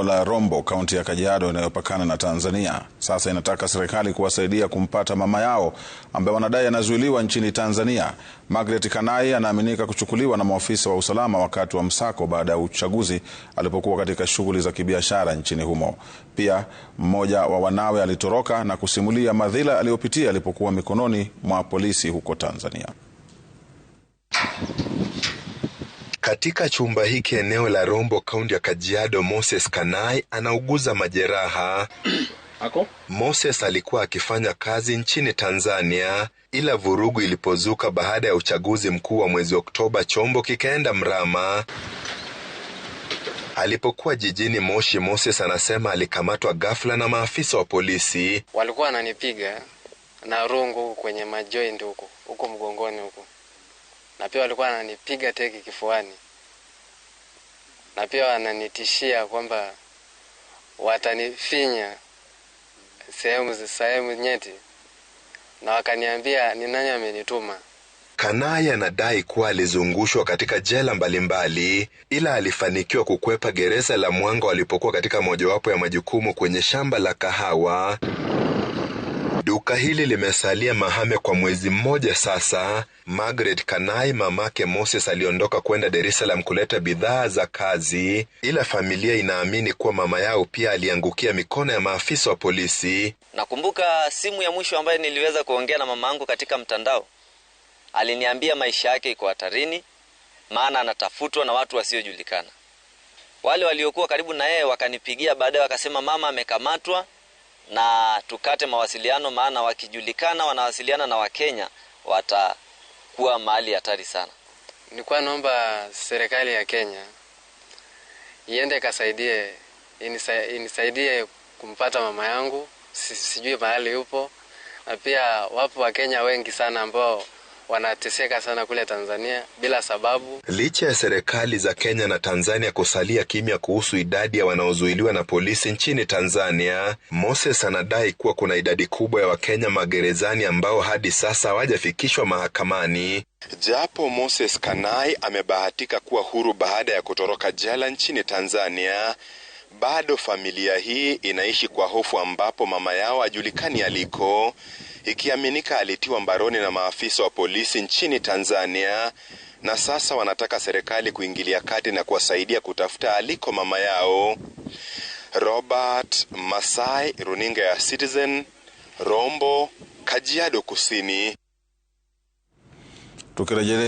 eneo la Rombo, kaunti ya Kajiado inayopakana na Tanzania, sasa inataka serikali kuwasaidia kumpata mama yao ambaye wanadai anazuiliwa nchini Tanzania. Margaret Kanai anaaminika kuchukuliwa na maafisa wa usalama wakati wa msako baada ya uchaguzi alipokuwa katika shughuli za kibiashara nchini humo. Pia mmoja wa wanawe alitoroka na kusimulia madhila aliyopitia alipokuwa mikononi mwa polisi huko Tanzania. Katika chumba hiki eneo la Rombo, kaunti ya Kajiado, Moses Kanai anauguza majeraha Ako? Moses alikuwa akifanya kazi nchini Tanzania ila vurugu ilipozuka baada ya uchaguzi mkuu wa mwezi Oktoba, chombo kikaenda mrama. Alipokuwa jijini Moshi, Moses anasema alikamatwa ghafla na maafisa wa polisi. Walikuwa wananipiga na rungu kwenye majoint huko huko mgongoni huko na pia walikuwa wananipiga teki kifuani na pia wananitishia kwamba watanifinya sehemu sehemu nyeti, na wakaniambia ni nani amenituma. Kanai anadai kuwa alizungushwa katika jela mbalimbali mbali, ila alifanikiwa kukwepa gereza la Mwanga walipokuwa katika mojawapo ya majukumu kwenye shamba la kahawa. Duka hili limesalia mahame kwa mwezi mmoja sasa. Margaret Kanai, mamake Moses, aliondoka kwenda Dar es Salaam kuleta bidhaa za kazi, ila familia inaamini kuwa mama yao pia aliangukia mikono ya maafisa wa polisi. Nakumbuka simu ya mwisho ambayo niliweza kuongea na mama yangu katika mtandao, aliniambia maisha yake iko hatarini, maana anatafutwa na watu wasiojulikana. Wale waliokuwa karibu na yeye wakanipigia baadaye, wakasema mama amekamatwa na tukate mawasiliano, maana wakijulikana wanawasiliana na Wakenya watakuwa mahali hatari sana. Nilikuwa naomba serikali ya Kenya iende ikasaidie, inisaidie kumpata mama yangu, sijui mahali yupo, na pia wapo Wakenya wengi sana ambao wanateseka sana kule Tanzania bila sababu. Licha ya serikali za Kenya na Tanzania kusalia kimya kuhusu idadi ya wanaozuiliwa na polisi nchini Tanzania, Moses anadai kuwa kuna idadi kubwa ya Wakenya magerezani ambao hadi sasa hawajafikishwa mahakamani. Japo Moses Kanai amebahatika kuwa huru baada ya kutoroka jela nchini Tanzania, bado familia hii inaishi kwa hofu ambapo mama yao ajulikani aliko ikiaminika alitiwa mbaroni na maafisa wa polisi nchini Tanzania na sasa wanataka serikali kuingilia kati na kuwasaidia kutafuta aliko mama yao. Robert Masai, runinga ya Citizen, Rombo, Kajiado Kusini. Tukirejelea